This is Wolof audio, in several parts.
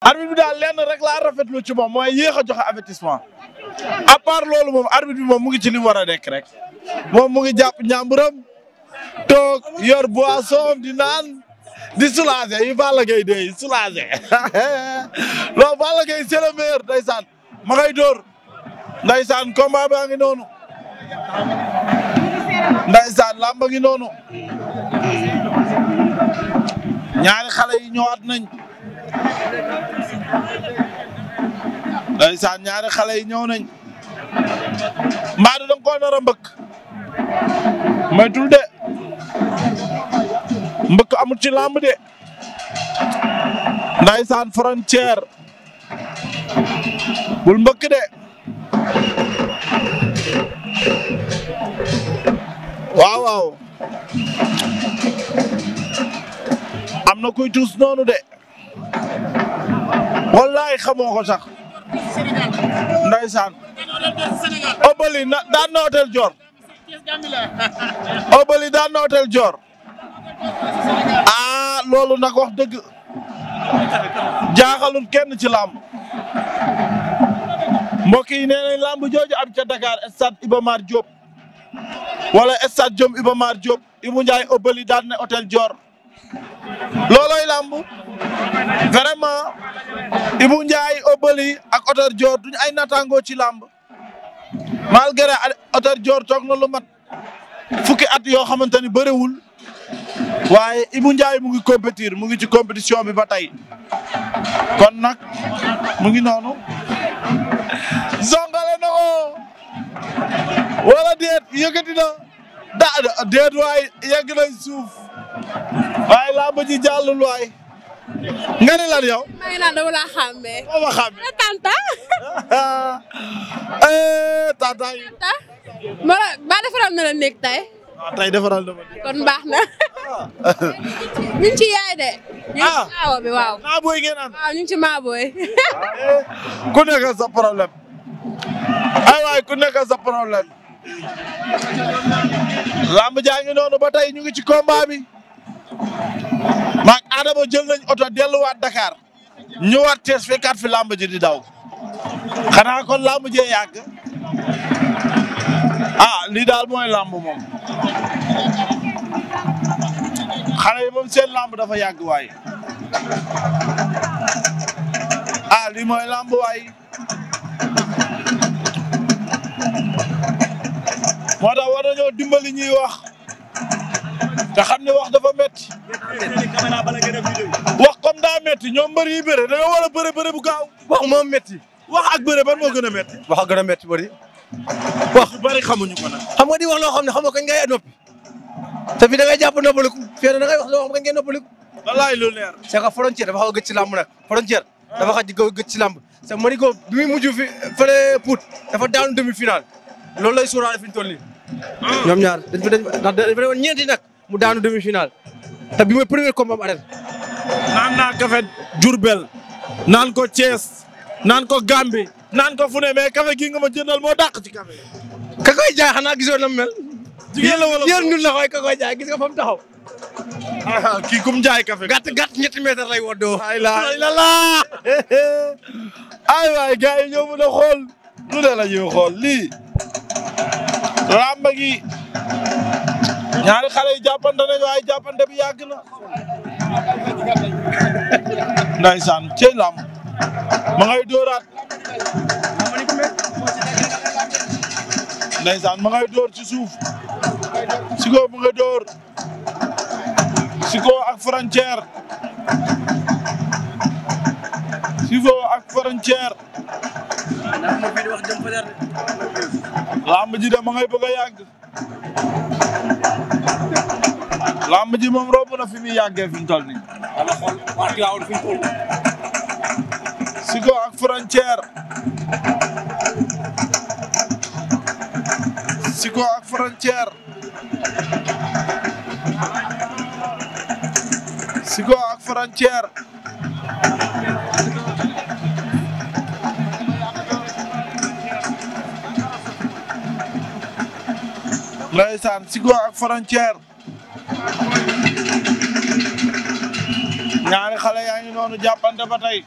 arbitre bi daal lenn rek laa rafetlu ci moom moo yéex a jox avertissement à part loolu moom ar bi moom mu ngi ci li mu war a nekk rek moom mu ngi jàpp ñàmburam toog yor boisson di naan di soulager yi Balla Gaye dey soulager loolu Balla Gaye c'est le meilleur ndeysaan ma ngay dóor ndeysaan combat baa ngi noonu ndeysaan làmba ngi noonu ñaari xale yi ñëwaat nañ ndeysaan ñaari xale yi ñëw nañ mbaadu da nga koo nar a mbëkk moytul de mbëkk amul ci làmb de ndeysaan frontière bul mbëkk de waaw waaw am na kuy tuus noonu de wallaay xamoo ko sax. Ndeysaan. Obali na daan na hôtel Dior. Obali daan na hôtel Dior. ah loolu nag wax dëgg jaaxalul kenn ci làmb mbokk yi nee làmb jooju am ca Dakar stade Iba Mar Diop wala stade Diom Iba Mar Diop Ibou Ndiaye Obali daan hôtel Dior loolooy làmb vraiment Ibou Ndiaye Obali ak Otter Dior duñ ay naataangoo ci làmb malgré Otter Dior toog na mat fukki at yoo xamante ni bëriwul waaye Ibou Ndiaye mu ngi compétir mu ngi ci compétition bi ba tey kon nag mu ngi noonu zongale na ko wala déet yëkkati na da déet waay yegg nañ suuf waaye làmb ji waay nga ne lan yow. maa ngi naan dama laa xàmmee. tanta. Eh, tanta. tanta. ba defaral na la néeg tey. waaw ah, tey defaral na ma kon baax na. Ah. ñu ci yaay de. ñu ngi ci ah. aawa bi waaw. maabooy ngeen am. waaw ñu ngi ci maabooy. Eh, ku nekk sa problème. ay waay ku nekk sa problème. lamb jaa ngi noonu ba tey ñu ngi ci combat bi. maag Adama jël nañ oto delluwaat Dakar ñëwaat Thiès fekkaat fi làmb ji di daw xanaa kon làmb jee yàgg ah lii daal mooy làmb moom xale yi moom seen làmb dafa yàgg waay ah lii mooy làmb waay moo tax war nañoo dimbali ñuy wax te xam ne wax dafa métti. wax comme daa métti ñoom mbër yi bëre dañoo war a bëre bëre bu gaaw. wax moom métti. wax ak bëre ban moo gën a métti. wax a gën a métti bëri. wax yu bëri xamuñu ko xam nga di wax loo xam ne xam nga kañ ngay noppi. te fi da ngay jàpp noppaliku fii da ngay wax loo xam kañ ngay noppaliku. wallaay lu leer. c'est que frontière dafa xaw a gëj ci làmb nag frontière. dafa xaj ga gëj ci làmb. te Marico bi muy mujj fi fële Pout dafa daanu demi final loolu lay sóoraale fi ñu toll nii. ñoom ñaar dañ fa dañ fa dañ fa nag mu daanu demi final te bi mooy premier combat am arène. naan naa kafe Diourbel naan ko Thiès naan ko Gambie naan ko fu ne mais kafe gi nga ma jëndal moo dàq ci kafe. ka koy jaay xanaa gisoo na mu mel. jigéen la la koy jaay gis nga fa mu taxaw. ah kii kum jaay kafe. gàtt gàtt ñetti mètre lay woddoo. aylaaylalaa ay waay gars yi ñëw mën a xool lu la ñuy xool lii. làmb gi. ñaari xale yi jàppante nañu waaye jàppante bi yàgg na ndaysaan cey lam ma ngay dóoraat ndaysaan ma ngay dóor ci suuf Siko ma ngay dóor Siko ak frontière Siko ak frontière lamb ji de ma ngay bëgg a yàgg lamb ji moom romb na fi muy yàggee fi Sigo ak frontière. ndeysaan Sigo ak frontière ñaari xale yaa ngi noonu jàppante ba tey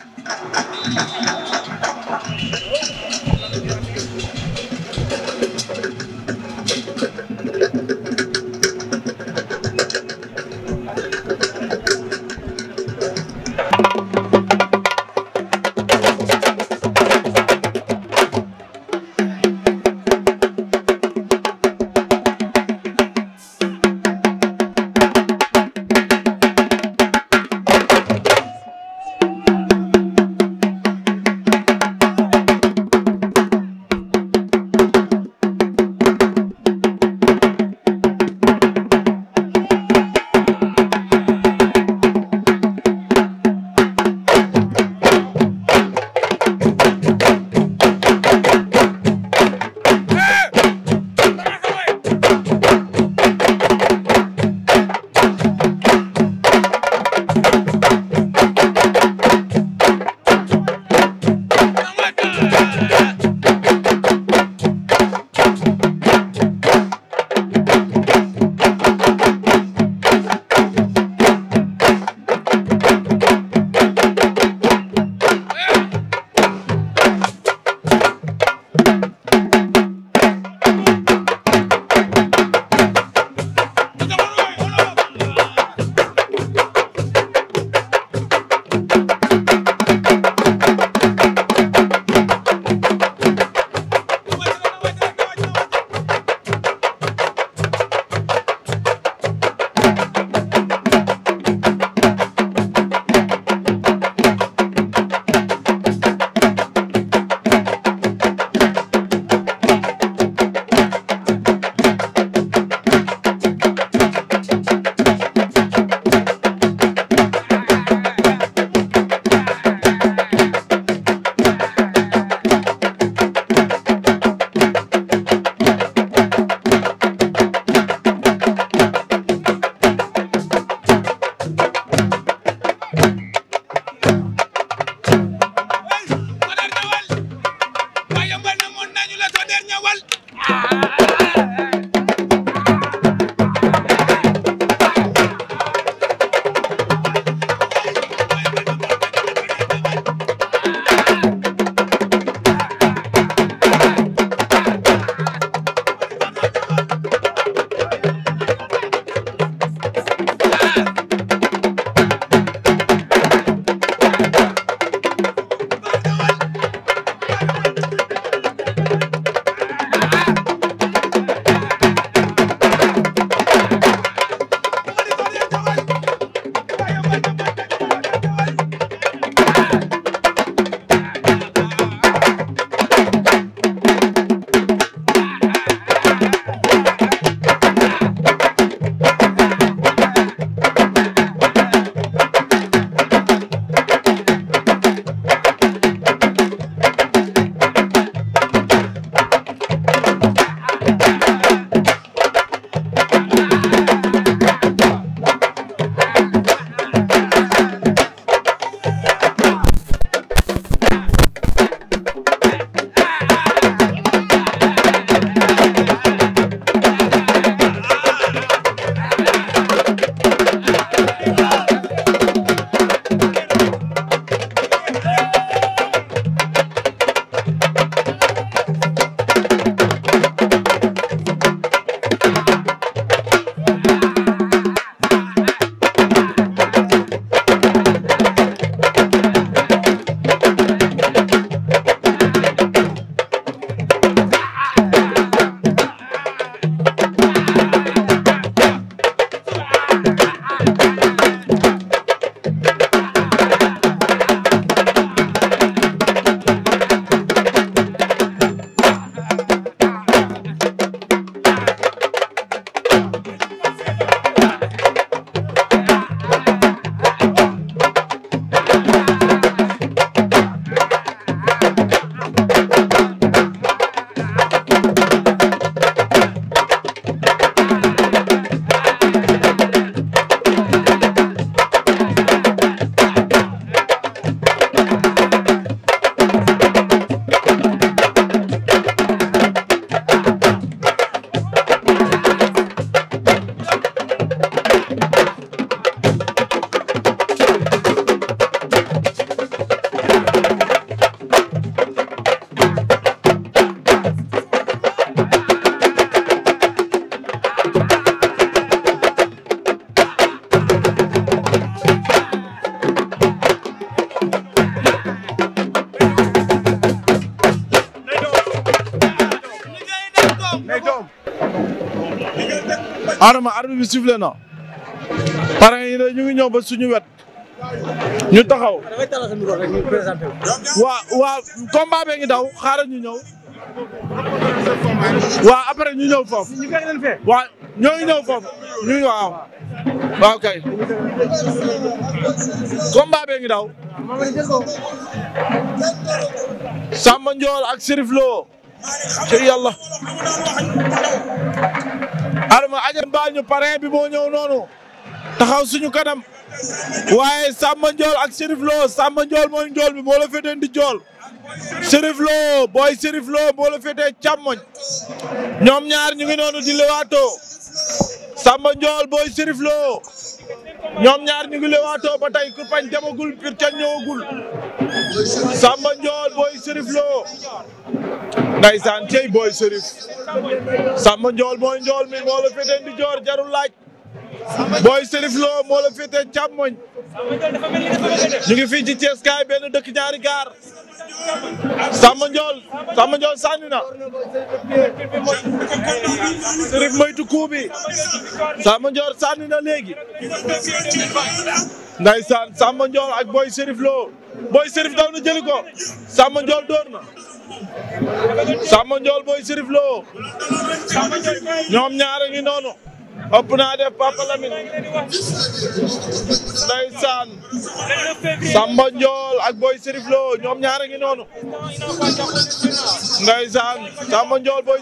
Adama arbitre bi sifflé na parrain yi ñu ngi ñëw ba suñu wet ñu taxaw waa waa combat bee ngi daw xaaral ñu ñëw waa après ñu ñëw foofu waa ñoo ngi ñëw foofu ñu waaw waaw kay combat bee ngi daw Samba Ndiol ak Serif Lo ci yàlla Adama aja baal ñu parrain bi moo ñëw noonu taxaw suñu kanam waaye Samba Ndiol ak Chérif Lo Samba Ndiol mooy njool bi moo la féetee ndi jool Chérif Lo booy Chérif Lo moo la féetee càmmoñ ñoom ñaar ñu ngi noonu di lewaatoo Samba Ndiol booy Chérif Lo ñoom ñaar ñu ngi lewaatoo ba tey pañ jamagul pir ca ñëwagul Samba Ndiol Boy Serif Lo ndaysaan cey Boy Serif Samba Ndiol mooy Ndiol mi moo la féete joor jarul laaj booy Serif Lo moo la féetee càmmoñ ñu ngi fii ci Thiès kaay benn dëkk ñaari gaar Samba Ndiol Samba Ndiol sànni na Serif moytu kuu bi Samba Ndiol sànni na léegi ndaysaan Samba Ndiol ak booy Serif Lo booy Serif daw na jëli ko Samba Ndiol door na Samba Ndiol booy Serif Lo ñoom ñaare ngi noonu ëpp naa def Papa Lamine ndeysaan ak Boy Serif ñoom ñaar a ngi noonu ndeysaan Samba Ndiol Boy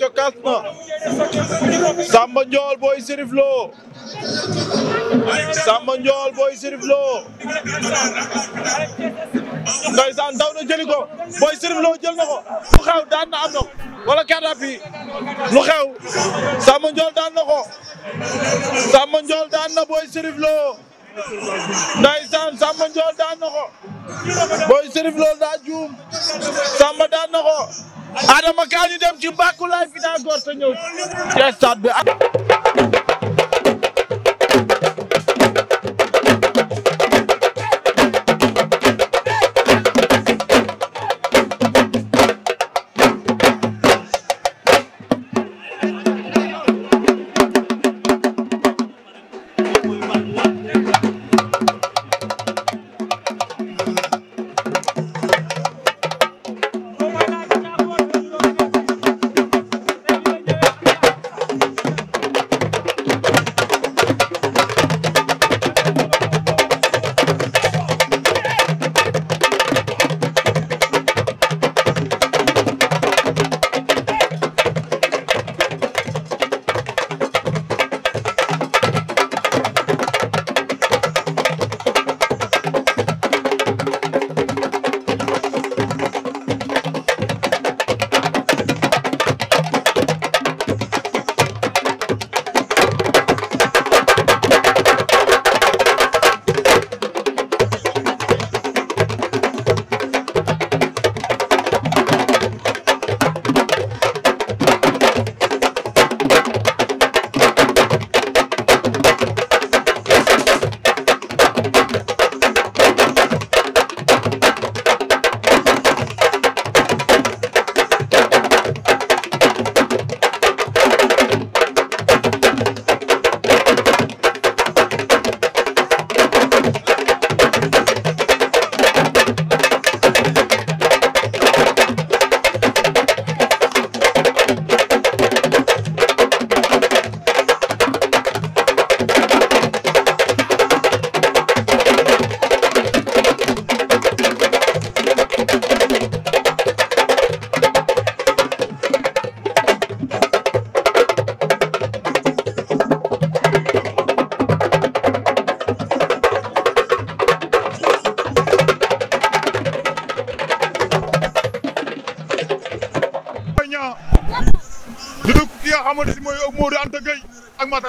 cokkas na Samba Ndiol Boy Serif Lo Samba Ndiol Boy Serif Lo ndeysaan daw na jëli ko Boy Serif Lo jël na ko bu xaw daan na am wala carte d'appui lu xew Samba Ndiol daan na ko Samba Ndiol daan na Boy Serif Lo ndeysaan Samba Ndiol daan ko Boy Serif Lo daa juum Samba daan ko Adama kaa ñu dem ci Mbacke laay fi daa góor te ñëw ci stade bi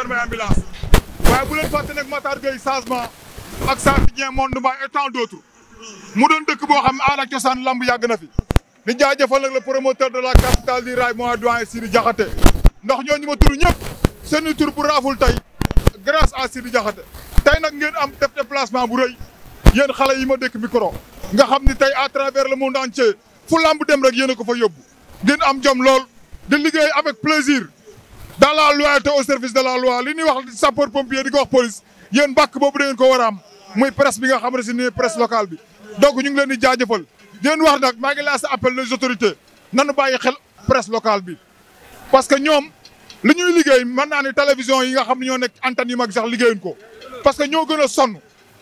gendarmerie ambulance waaye bu leen fàtte nag Matar Gueye changement ak Safi Dieng Monde Mbaye et tant mu doon dekk boo xam ne a ak cosaan lamb yàgg na fi di jaajëfal nag le promoteur de la capitale du rail mooy doyen Sidi Diakhaté ndax ñooñu ma tur ñëpp seen tur bu raaful tey grâce à Sidi Diakhaté tey nag ngeen am def déplacement bu rëy yéen xale yi ma dëkk micro nga xam ni tey à travers le monde entier fu lamb dem rek yéen ko fa yóbbu ngeen am jom lool di liggéey dans la loyauté au service de la li ñuy wax sapeur pompier di ko wax police yéen bàkk boobu da ko war a am muy presse bi nga xam ne si nii presse locale bi donc ñu ngi leen di jaajëfal di leen wax nag maa ngi lancé appel les autorités nanu bàyyi xel presse locale bi parce que ñoom li ñuy liggéey mën naa ne télévision yi nga xam ne ñoo nekk antenne yi mag sax liggéeyuñ ko parce que ñoo gën a sonn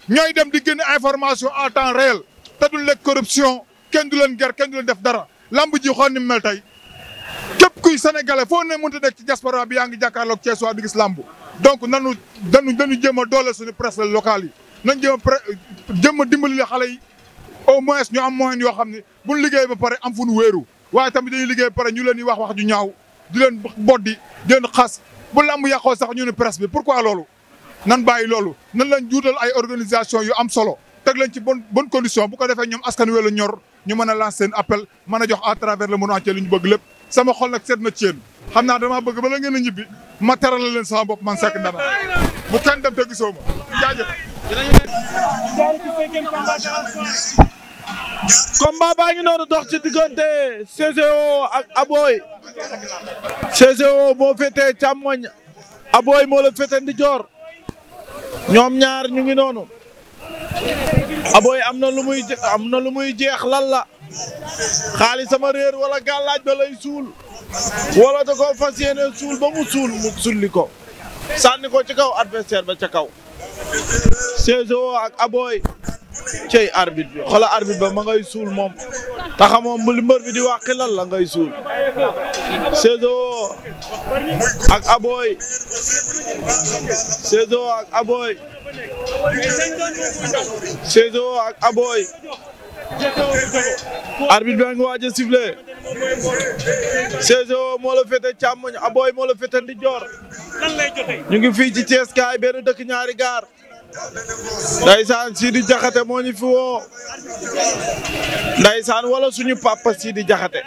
ñooy dem di génne information à temps réel te duñ lekk corruption kenn leen ger kenn du def dara lamb ji xool ni mu mel tey képp kuy sénégalais foo ne mënut a nekk ci diaspora bi yaa ngi jàkkaarloog Thiès waa di gis làmb donc nanu nanu nanu a doole suñu presse locale yi nañ jéem a pre a dimbali xale yi au moins ñu am moyen yoo xam ne buñ liggéey ba pare am fu ñu wéeru waaye tamit dañuy liggéey ba pare ñu leen di wax wax ju ñaaw di leen boddi di leen xas bu làmb yàqoo sax ñu ne presse bi pourquoi loolu. nan bàyyi loolu nan lañ juutal ay organisation yu am solo teg leen ci bonne bonne condition ko defee ñoom askan wi ñor ñu mën a lancer seen appel mën a jox à travers le monde entier li lépp. sama xol nak seet na ceen xam naa damaa bëgg bala ngeen a ñibbi ma teral leen sama bopp man Seck Ndana bu kenn dem te gisoo ma jaajëf. baa ngi noonu dox ci diggante CCO ak Aboy CCO moo féetee càmmoñ Aboy moo la féetee ndijoor ñoom ñaar ñu ngi noonu Aboy am na lu am na lu muy jeex lan la. xaalisama réer walla gàllaaj ba lay suul wala da koo suul ba mu suul mu sulli ko sànni ko ci kaw adversaire ba ca kaw Sésowo ak Aboy cey arbitre bi xoolal arbitre ba ma suul moom te xamoo li mbër bi di wàqi lan la ngay suul Sésowo ak Aboy Sésowo ak ak Aboy arbitre bi nga waaj a sifflé Ségo moo la féete càmmoñ Aboy moo la féete ndijoor ñu ngi fii ci Thiès kaay benn dëkk ñaari gaar ndaysaan Sidi Jaxate moo ñu fi woo ndaysaan wala suñu papa Sidi Jaxate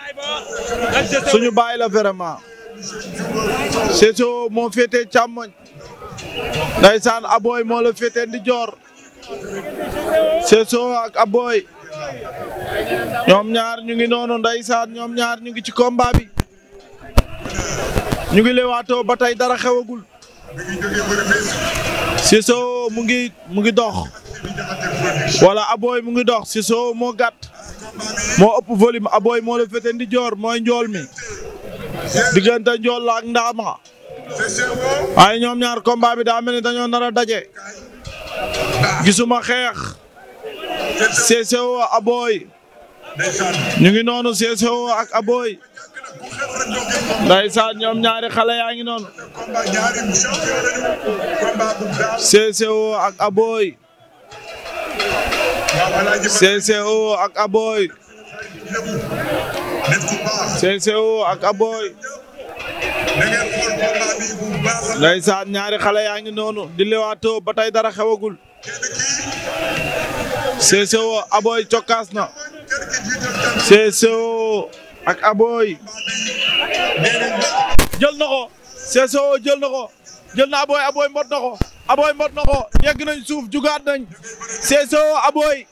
suñu baay la vraiment Ségo moo féete càmmoñ ndaysaan Aboy moo la féete ndijoor Ségo ak ñoom ñaar ñu ngi noonu ndeysaan ñoom ñaar ñu ngi ci combat bi ñu ngi leewaatoo ba tey dara xewagul Cissokho mu ngi mu ngi dox wala Aboy mu ngi dox Cissokho moo gàtt moo ëpp volume Aboy moo la fete ndi joor mooy njool mi diggante njool la ak ndaama waaye ñoom ñaar combat bi daa mel ni dañoo nar a daje gisuma xeex CCO Aboy ñu ngi noonu CCO ak Aboy ndeysaan ñoom ñaari xale yaa ngi noonu CCO ak Aboy CCO ak Aboy CCO ak Aboy ndeysaan ñaari xale yaa ngi noonu di lewaatoo ba tey dara xewagul CCO Aboy cokkaas na CCO ak Aboy jël na ko CCO jël na ko jël na Aboy Aboy mbot na ko yegg nañ suuf jugaat nañ CCO Aboy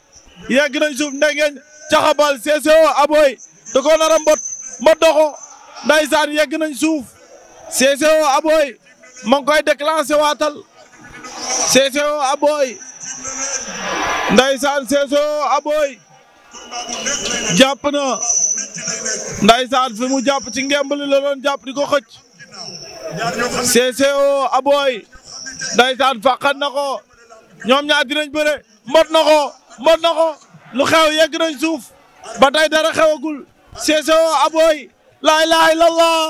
yegg nañ suuf ndengeñ caxabal CCO Aboy da ko nar a mbot mbot na ko ndaysaan yegg nañ suuf CCO Aboy ma koy déclenché waatal CCO Aboy Ndaysaan Seeso Aboy jàpp na Ndaysaan fi mu jàpp ci ngemb li la doon jàpp di ko xëcc Seeso Aboy na ko ñoom ñaar dinañ bëre mbot na ko mbot na ko lu xew yegg nañ suuf ba tey dara xewagul Seeso Aboy laa ilaaha illallah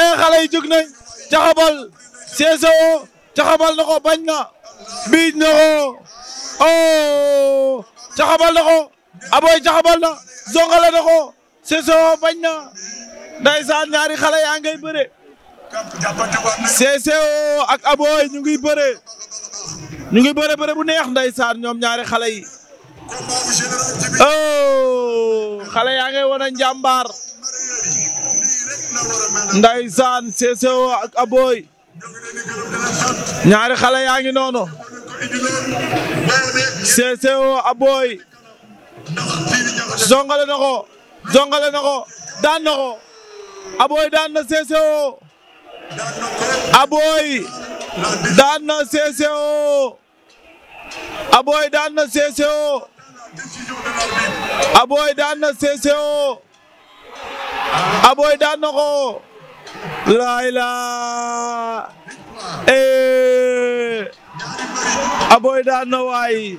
ee xale yi jóg nañ caxabal Seeso caxabal na ko bañ na biij na ko oh caxabal na ko aboy caxabal na zongale na ko Cissokho bañ na ndaysaan ñaari xale yaa ngay bëre Cissokho ak aboy ñu ngi bëre ñu ngi bëre bëre bu neex saan ñoom ñaari xale yi oh xale yaa ngay wane njàmbaar ndaysaan Cissokho ak aboy ñaari xale yaa ngi noonu CCO Aboy zongale na ko zongale na ko daan na ko Aboy daan na CCO Aboy daan na CCO Aboy daan na CCO Aboy daan na CCO Aboy daan na ko laila eh Aboy daan na waay.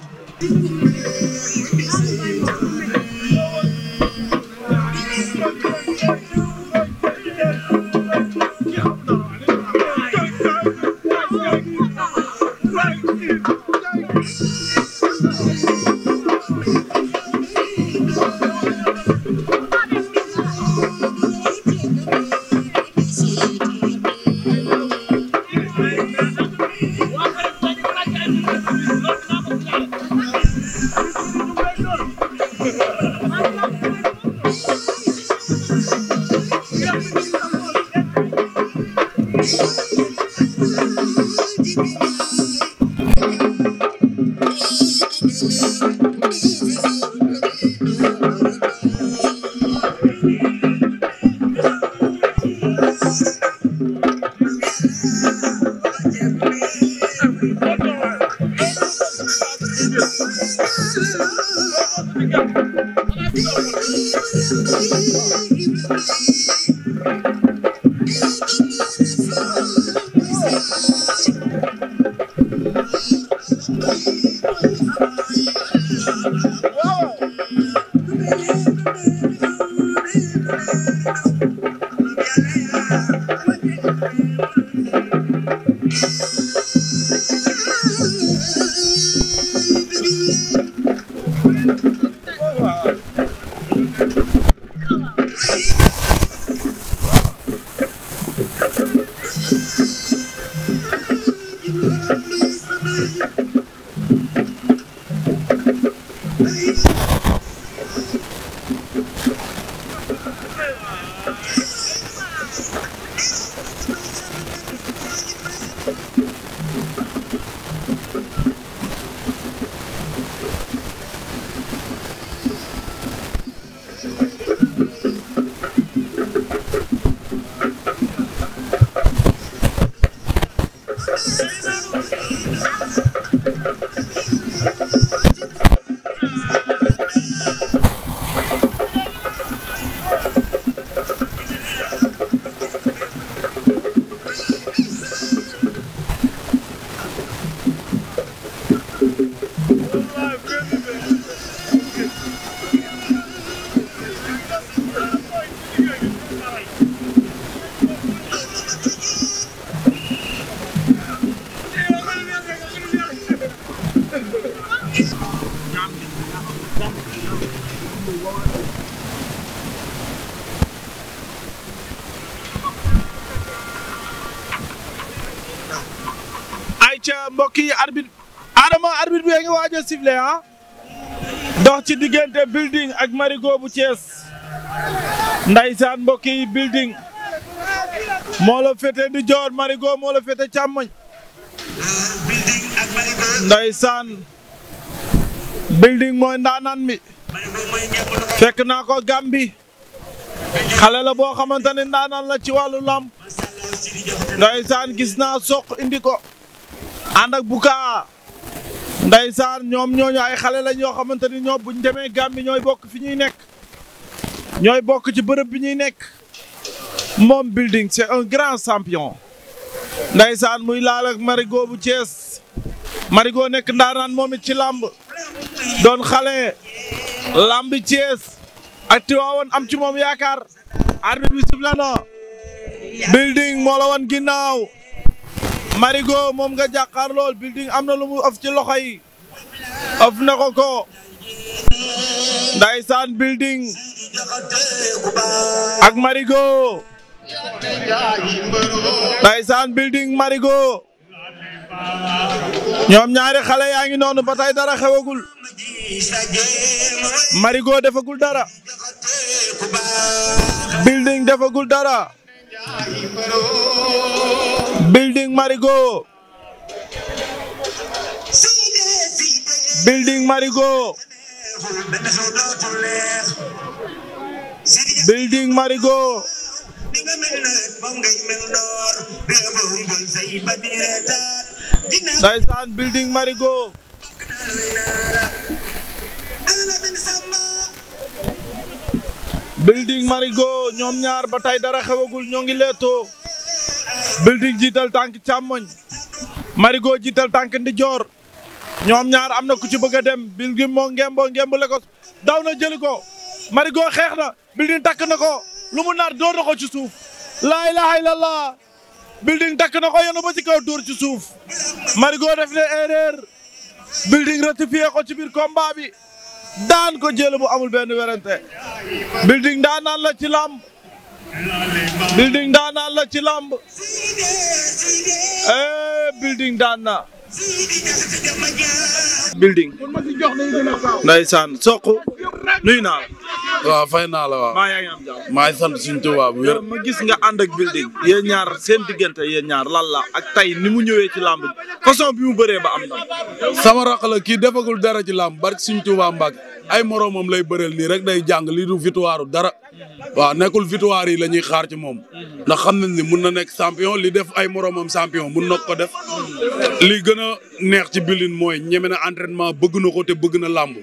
mbokk yi arbitre Adama arbitre bi nga waaj a sifflé ah dox ci diggante building ak marigo bu Thiès ndaysaan mbokk yi building féete di joor marigo moo la féete càmmoñ ndaysaan building mooy ndaanaan mi fekk naa ko Gàmbi xale la boo xamante ne ndaanaan la ci wàllu lamb ndaysaan gis naa soq indi ko ànd ak Bouka ndeysaan ñoom ñooñu ay xale lañ yoo xamante ni ñoom buñ demee Gàmbi ñooy bokk fi ñuy nekk ñooy bokk ci bërëb bi ñuy nekk moom building c'est un grand champion ndeysaan muy laal marigo bu Thiès Marigot nekk ndaanaan moom it ci làmb xale làmb Thiès ak Tiwaawoon am ci moom yaakaar arbitre bi sifla na building moo la woon ginnaaw Marigot moom nga jàkkaar lool building am na lu mu of ci loxo yi of na ko ko ndaysaan building ak Marigot ndaysaan building ñoom ñaari xale yaa ngi noonu ba tey dara xewagul Marigot defagul dara building defagul dara Marigot building Marigot marigo Marigot Ndeysaan building Marigot building ñoom ñaar ba tey dara xewagul ñoo ngi leetoo building jiital tànk càmmoñ marigo jiital tànk ndijoor ñoom ñaar am na ku ci bëgg a dem building moo ngemboo ngemb le ko daw na jëli ko marigo xeex na building takk na ko lumu naar door na ko ci suuf la ilaha illallah building takk na ko yenu ba ci kaw dóor ci suuf marigo def ne erreur building ratifié ko ci biir combat bi daan ko jël bu amul benn werante building daan naan la ci làmb building daanaan la ci làmb eh building daanaan. building. ndeysaan soq. nuyu naa la. waaw fay naa la waaw. maa sant suñu tubaab bu ma gis nga ànd ak building. yéen ñaar seen diggante yéen ñaar lan ak tey ni mu ñëwee ci làmb façon bi mu bëree ba am na. sama rakk la kii defagul dara ci làmb barke suñu tubaab Mbàkke. ay moroomam lay bëreel nii rek day jàng lii du victoire dara waaw nekkul victoire yi la ñuy xaar ci moom ndax xam nañ ni mun na nekk champion li def ay moromam champion mun na ko def li gën a neex ci Billine mooy ñeme na entraînement bëgg na ko te bëgg na làmb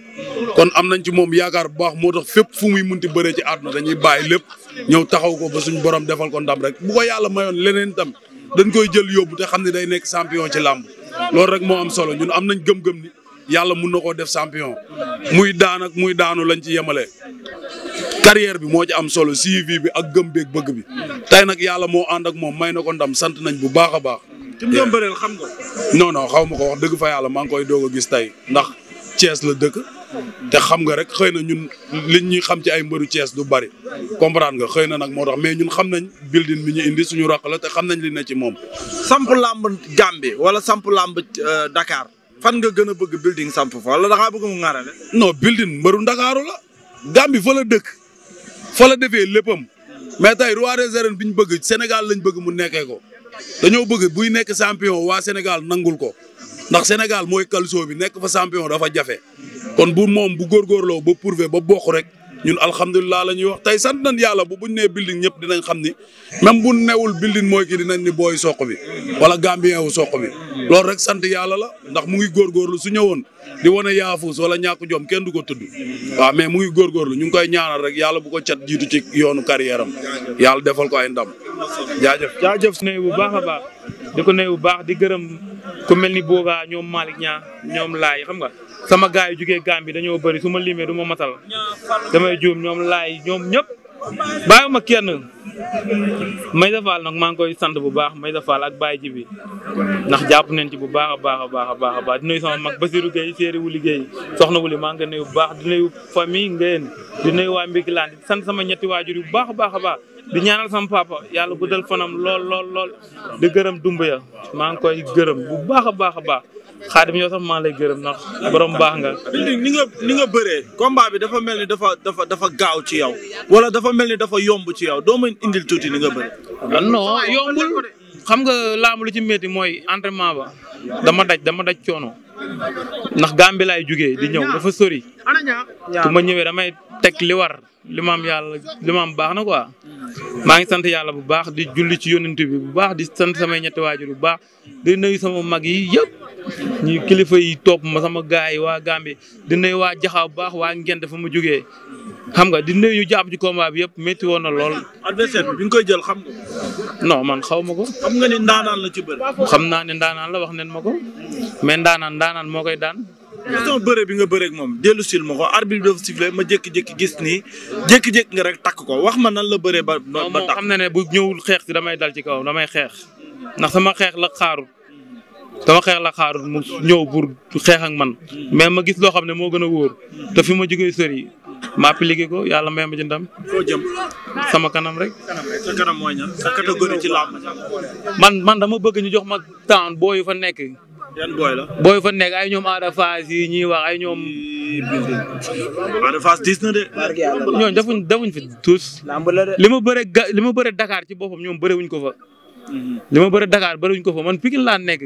kon am nañ ci moom yaakaar bu baax moo tax fépp fu muy mun ti bëree ci àdduna dañuy bàyyi lépp ñëw taxaw ko ba suñ borom defal ko ndam rek buko ko yàlla mayoon leneen tam dañ koy jël yóbbu te xam ne day nekk champion ci làmb am nañ gëm-gëm yàlla mun na koo def champion muy daan muy daanu lañ ci yemale. carrière bi moo ci am solo suivi bi ak gëm bëgg bi tey nag yàlla moo ànd ak moom may na ko ndam sant nañ bu baax a baax. ki xam nga. non xaw ma ko wax dëgg fa yàlla maa ngi koy doog gis tey ndax Thiès la dëkk. te xam nga rek xëy na ñun liñ ñuy xam ci ay mbëru Thiès du bari comprendre nga xëy na nag moo tax mais ñun xam nañ building bi ñu indi suñu rakk la te xam nañ li na ci moom. samp làmb Gambie wala samp làmb euh, Dakar fan nga gën a bëgg building samp fa wala da ngaa mu ŋaarale. non building mbëru ndakaaru la. Gambie fa la dëkk fa la defee léppam mais tey roi des arènes bi ñu bëgg Sénégal lañ bëgg mu nekkee ko dañoo bëgg buy nekk champion waa Sénégal nangul ko ndax Sénégal mooy Calcio bi nekk fa champion dafa jafe kon bu moom bu góorgóorloo ba prouvé ba bokk rek. ñun alhamdulillah la ñuy wax tey sant nañ yàlla bu buñ nee building ñëpp dinañ xam ni même bu newul building mooy ki dinañ ni booy soq bi wala gambien wu soq bi loolu rek sant yàlla la ndax mu ngi góorgóorlu su woon di wane yaafus wala ñàkk joom kenn du ko tudd waaw mais mu ngi góorgóorlu ñu ngi koy ñaanal rek yàlla bu ko cat jiitu ci yoonu carrière yàlla defal ko ay ndam jaajëf. jaajëf nuyu bu baax a baax di ko nuyu bu baax di gërëm ku mel ni booba ñoom Malick Niang ñoom laay xam nga. sama gars yi jugee Gambie dañoo bari su ma limee du ma matal damay juum ñoom laay ñoom ñëpp bàyyiwuma kenn may defaal nag maa ngi koy sant bu baax may defaal ak baay ji bi ndax jàpp nañ ci bu baax a baax a baax a baax a baax di nuyu sama mag Basirou Gueye séeri wu liggéey soxna wuli maa ngi koy bu baax di nuyu famille ngeen di nuyu waa Mbiklaan di sant sama ñetti waajur yu bu baax a baax a baax di ñaanal sama papa yàlla guddal fanam lool lool lool di gërëm dumb ya maa ngi koy gërëm bu baax a baax a baax xaadim yow sax maa lay gërëm ndax borom baax nga. ni nga ni nga bëree combat bi dafa mel ni dafa dafa dafa gaaw ci yow wala dafa mel ni dafa yomb ci yow doo ma indil tuuti ni nga bëree. non yombul xam nga laamu lu ci métti mooy entraînement ba dama daj dama daj coono. ndax Gàmbi laay jugee di ñëw dafa sori. su ma ñëwee damay teg li war li ma am yàlla li ma am baax na quoi. maa ngi sant yàlla bu baax di julli ci yonent bi bu baax di sant samay ñetti waajur bu baax di nay sama mag yi yëpp. ñi kilifa yi topp ma sama gaay yi waa Gàmbi di nuyu waa Jaxaaw bu baax waa Ngent fa mu jugee xam nga di nuyu ñu jàpp ci combat bi yëpp métti woon na lool. adversaire bi bi nga koy jël xam nga. non man xaw ma ko. xam nga ni ndaanaan la ci bëri. xam naa ne ndaanaan la wax neen ma ko. mais ndaanaan ndaanaan moo koy daan. façon bi nga bëreeg moom dellu sil ma ko arbitre bi dafa sifflé ma jékki-jékki gis nii jékki nga rek takk ko wax ma nan la bëree ba. ba ba xam na ne bu ñëwul xeex bi damay dal ci kaw damay xeex ndax sama xeex la xaarut sama xeex la xaarut mu ñëw pour xeex ak man mais ma gis loo xam ne moo gën a wóor te ma jógee sori maa appliqué ko yàlla may ma ci ndam. foo jëm. sama kanam rek. sa kanam ci làmb man man dama bëgg ñu jox ma temps booy yu fa nekk. yan la. booy fa nekk ay ñoom Ada Fass yi ñuy wax ay ñoom. Ada Fass na de. ñooñu defuñ defuñ fi tous. làmb la de li ma bëre ga ma bëre Dakar ci boppam ñoom bare wuñ ko fa. Mhm. li dakaar bëre Dakar bëre wuñ ko man Pikine laa nekk.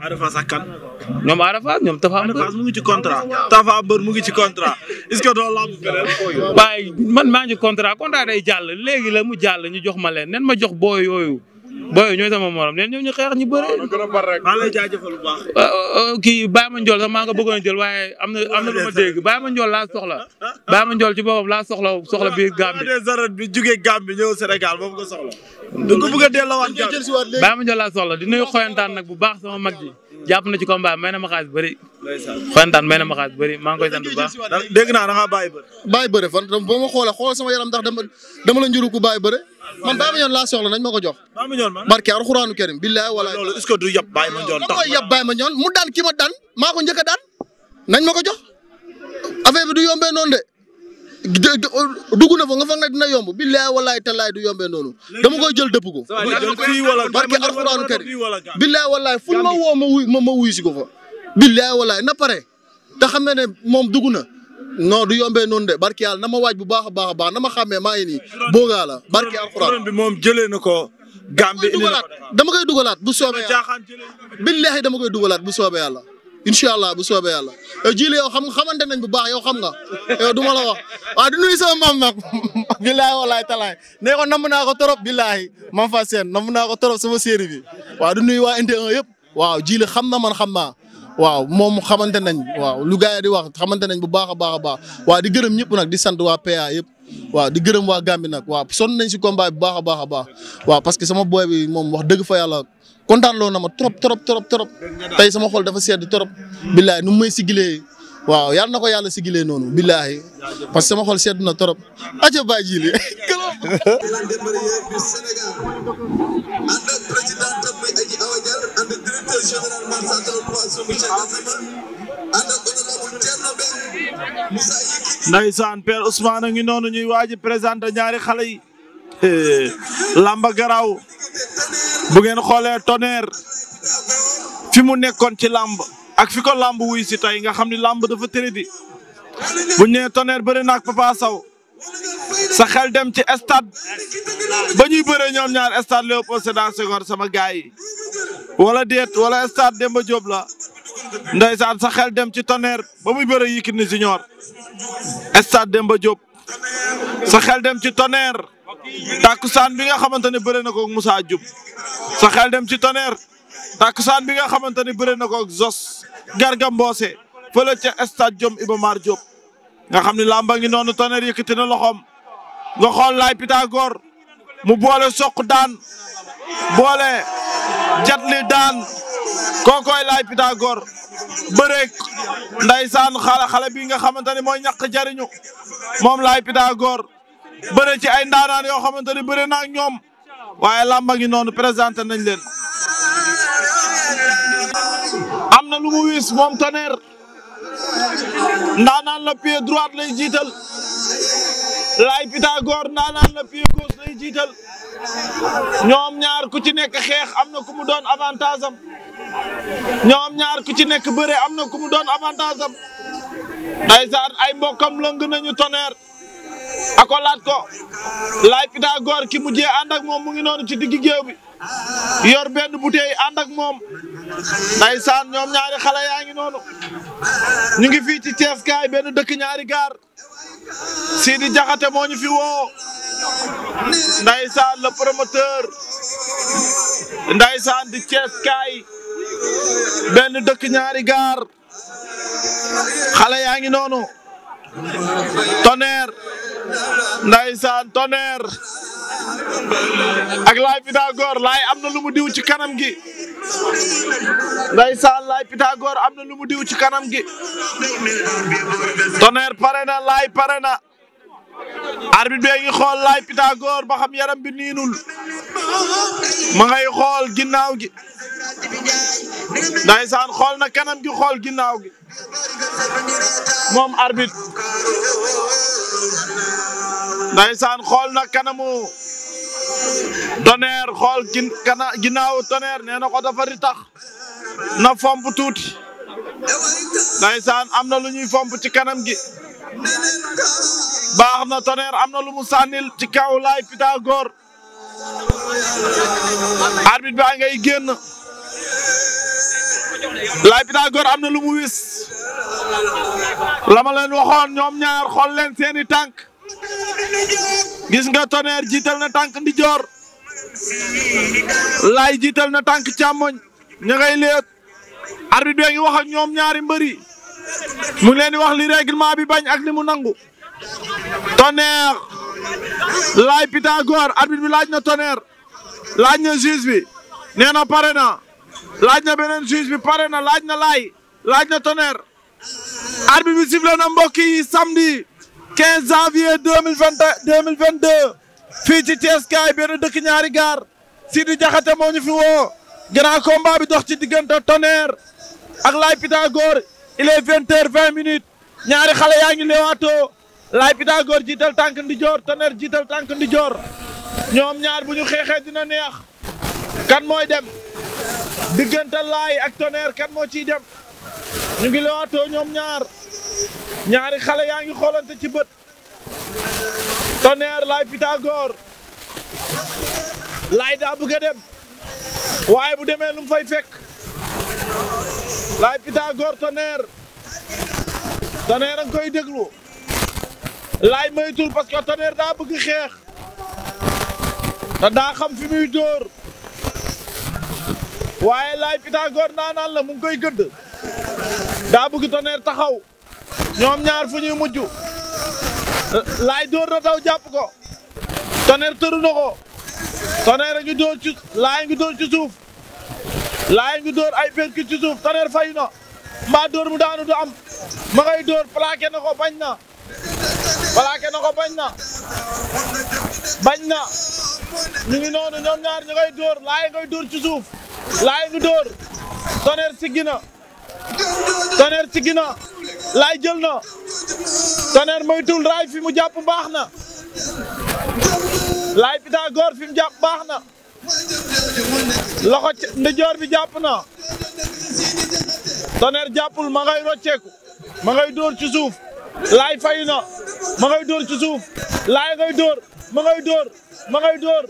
Ada Fass ak kan. ñoom Ada Fass ñoom Tafa Mbër. Ada Fass mu ngi ci contrat Tafa Mbër mu ngi ci contrat est-ce que doo lamb beneen. waaye man maa ngi contrat contrat day jàll léegi la mu jàll ñu jox ma leen nen ma jox booy yooyu. booy ñooy sama morom leen ñoom ñu ñu bëre. waaw gën a bar rek maa ah, ah, ah, kii Baye Ma Ndiol sax maa nga bëggoon a jël waaye am na am na lu ma dégg Baye Ma Ndiol laa soxla Baye Ma Ndiol ci boppam laa soxla biir Gambie. waaw bi jugee Gambie ñëw Sénégal boobu ko soxla. du ko bëgg a delloowaat Baye Ma Ndiol laa soxla di nuyu xoyantaan nag bu baax sama mag ji jàpp na ci combat may na ma xaalis bëri. xoyantaan may na ma xaalis bëri maa ngi koy sant bu baax. dégg naa da ngaa bàyyi xool sama yaram ndax dama dama la njuru ku bàyyi ma ñoon laa soxla nañ ma ko jox. barke alxuraanu karim billaay wala. loolu du yab bàyyi ma ñoon mu daan ki daan maa ko njëkk a daan nañ ma ko jox affaire bi du yombee noonu de dugg na fa nga fa dina yomb billaay wallaay tallaay du yombee noonu dama koy jël dëpp ko barke alxuraanu kari billaay wallaay fu ma woo ma wuy ma wuy si ko fa billaay wallaay na pare te xam ne ne moom dugg na non du yombee noonu de barke yàlla na ma waaj bu baax a baax baax na ma xàmmee maa ngi nii boogaa la barke alxuraan moom jëlee na ko Gambie dama koy dugalaat dama koy dugalaat bu soobee yàlla dama koy dugalaat bu soobee yàlla incha allah bu soobee yàlla jili yow xam xamante nañ bu baax yow xam nga yow du ma la wax waaw di nuyu sama maam nag billaahi walaay talaay nee ko namm naa ko trop billaahi mam fa seen namm naa ko trop sama série bi waaw waa inte yëpp waaw jili xam na man xam naa waaw moom xamante nañ waaw lu gars yi di wax xamante nañ bu baax a baax a baax waaw di gërëm ñëpp nag di sant waa PA yëpp waa di gërëm waa Gambie nag waaw sonn nañ si combat bi bu baax a baax a baax waaw parce que sama boy moom wax dëgg fa yàlla kontaan loo na ma trop trop trop trop tey sama xol dafa sedd trop. billaahi nu may sigilee waaw yàlla na ko yàlla sigilee noonu billaahi parce que ma xol sedd na trop. aja baa ji li Ndeysaan Père Ousmane ngi noonu ñuy waaj a présenté ñaari xale yi. Eh, Lamba Garaw. bu ngeen xoolee Tonnerre fi mu nekkoon ci làmb ak fi ko làmb wuy si tey nga xam ni làmb dafa tëri di bu ñu nee Tonnerre bëri na ak Papa saw sa xel dem ci stade ba ñuy bëree ñoom ñaar stade Léopold Sédar Senghor sama gaay yi wala déet wala stade Demba Diop la ndeysaan sa xel dem ci Tonnerre ba muy bëree Yékini Junior stade dem ba sa xel dem ci Tonnerre takkusaan bi nga xamante ne bëre na ko ak Moussa Diop sa xel dem ci Tonnerre takkusaan bi nga xamante ne bëre na ko ak gar Garga Mbossé fële ca stade Diom Iba Mar Diop nga xam ne làmba ngi noonu Tonnerre yëkkati na loxoom nga xool laay Pythagore mu boole soq daan boole jatli daan kookoy laay Pythagore bëreek ndaysaan xale xale bi nga xamante ne mooy ñaq jariñu moom laay Pythagore bëre ci ay ndaanaan yoo xamante ni bëre naa ñoom waaye làmba ngi noonu présenté nañ leen. am na lu mu wis moom Tonnerre ndaanaan la pied droite lay jiital Laye Pythagore ndaanaan la pied gauche lay jiital ñoom ñaar ku ci nekk xeex am na ku mu doon avantage am ñoom ñaar ku ci nekk bëre am na ku mu doon avantage am ndeysaan ay mbokkam lëng nañu Tonnerre. akolaat ko laay Pythagore ki mujjee ànd ak moom mu ngi noonu ci digg géew bi yor benn bouteille ànd ak moom saan ñoom ñaari xale yaa ngi noonu ñu ngi fii ci Thiès kaay benn dëkk ñaari gaar Sidi Jaxate mooñu ñu fi woo ndaysaan le promoteur ndaysaan di Thiès kaay benn dëkk ñaari gaar xale yaa ngi noonu Tonnerre ndaysaan Tonnerre ak Laye Pythagore Laye am na lu mu diw ci kanam gi ndaysaan Laye Pythagore am na lu mu diw ci kanam gi Tonnerre pare na Laye pare na arbitre bi ngi xool Laye Pythagore ba xam yaram bi niinul ma ngay xool ginnaaw gi ndaysaan xool na kanam gi xool ginnaaw gi moom arbitre ndaysaan xool na kanamu Tonnerre xool ginnaaw Tonnerre nee na ko dafa di tax na fomp tuuti ndaysaan am na lu ñuy fomp ci kanam gi baax na Tonnerre am na lu mu sànnil ci kaw laay Pythagore arbitre baa ngay génn laay Pythagore am na lu mu wis leen waxoon ñoom ñaar xool leen seeni tànk gis nga Tonnerre jiital na tànk ndijoor lay jiital na tànk càmmoñ ña ngay léet arbitre bi ngi wax ak ñoom ñaari mbëri mu ngi leen wax li règlement bi bañ ak li mu nangu Tonnerre laay Pythagore arbitre bi laaj na Tonnerre laaj na juge bi nee pare na laaj na beneen juge bi pare na laaj na laay laaj na tonnerre. arbitre bi sifflé na mbokk yi samedi 15 janvier 2020 2022 fii ci Thiès kaay benn dëkk ñaari gaar Sidi Diakhaté moo ñu fi woo grand combat dox ci diggante tonnerre ak Laye Pythagore il est 20 minutes ñaari xale yaa ngi leewaatoo Laye Pythagore jiital tànk ndijoor tonnerre jiital tànk ndijoor ñoom ñaar bu ñu xeexee dina neex kan mooy dem. diggante laay ak toneer kan moo ciy dem ñu ngi lewaatoo ñoom ñaar ñaari xale yaa ngi xoolante ci bët tonnerre laay Pythagore laay daa bëgg a dem waaye bu demee lu mu fay fekk laay Pythagore tonnerre tonnerre a ngi koy déglu laay maytul parce que tonnerre daa bëgg xeex te daa xam fi muy dóor waaye laay Pythagore naanaan la mu ngi koy gëdd daa bëgg Tonnerre taxaw ñoom ñaar fu ñuy mujj laay dóor na taw jàpp ko Tonnerre tëru na ko Tonnerre ngi dóor ci laay ngi dóor ci suuf laay ngi dóor ay percute ci suuf Tonnerre fayu na mbaa dóor mu daanu du am ma ngay dóor plaqué na ko bañ na plaqué na ko bañ na bañ na ñu ngi noonu ñoom ñaar ñu ngay dóor laay ngay dóor ci suuf laay ngi dóor Tonnerre siggi na Tonnerre siggi na laay jël na Tonnerre moytul raay fi mu jàpp baax na laay Pythagore fi mu jàpp baax na loxo ndijoor bi jàpp na Tonnerre jàppul ma ngay rocceeku ma ngay dóor ci suuf laay fayu na ma dóor ci suuf laay ngay dóor ma ngay dóor ma ngay dóor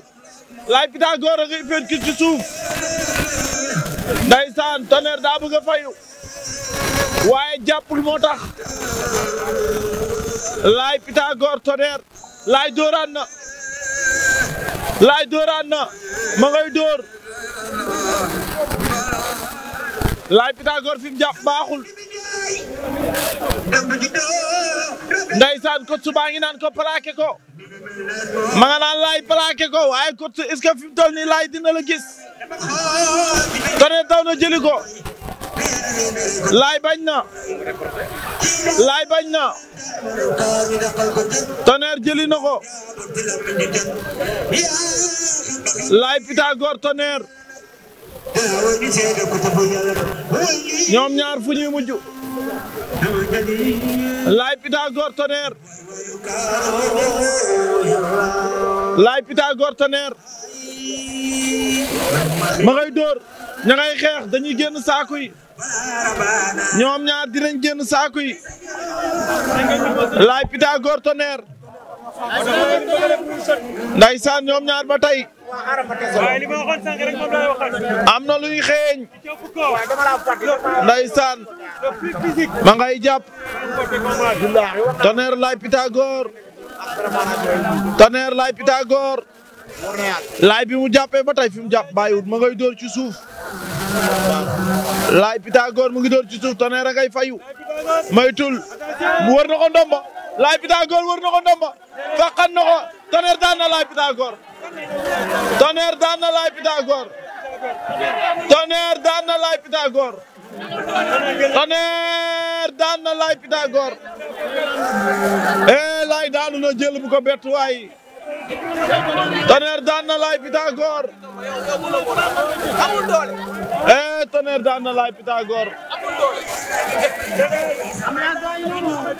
laay Pythagore a ngay féet ki ndeysaan Tonnerre daa bëgg a fayu waaye jàppul moo tax laay Pythagore Tonnerre laay dóoraan na laay dóoraan na ma ngay dóor laay Pythagore fi mu baaxul. Ndeysaan coach baa ngi naan ko plaqué ko. ma nga naan laay plaqué ko waaye coach est-ce que fi mu nii laay dina la gis. tonné taw na jëli ko. laay bañ na. laay bañ na. Tonnerre jëli na ko. laay Pythagore Tonnerre. ñoom ñaar fu ñuy mujj laay Pythagore Tonnerre laay Pythagore Tonnerre xeex dañuy génn saaku yi ñoom ñaar dinañ génn saaku yi laay Pythagore Tonnerre ndaysaan ñoom ñaar ba am na luy xeeñ. ndeysaan. ma ngay jàpp. Tonnerre Laye Pythagore. Tonnerre Laye Pythagore. Laye bi mu jàppee ba tey fi mu jàpp bàyyiwut ma ngay dóor ci suuf. Laye Pythagore mu ngi dóor ci suuf Tonnerre ngay fayu. maytul mu war na ko ndomba. Laye Pythagore war na ko ndomba. faqan na ko Tonnerre daan na Laye Pythagore. Tonnerre daan na Laye Pythagore Tonnerre daan na Laye Pythagore Tonnerre daan na Laye Pythagore eh Laye daanu na jël bu ko bett waay Tonnerre daan na Laye Pythagore eh,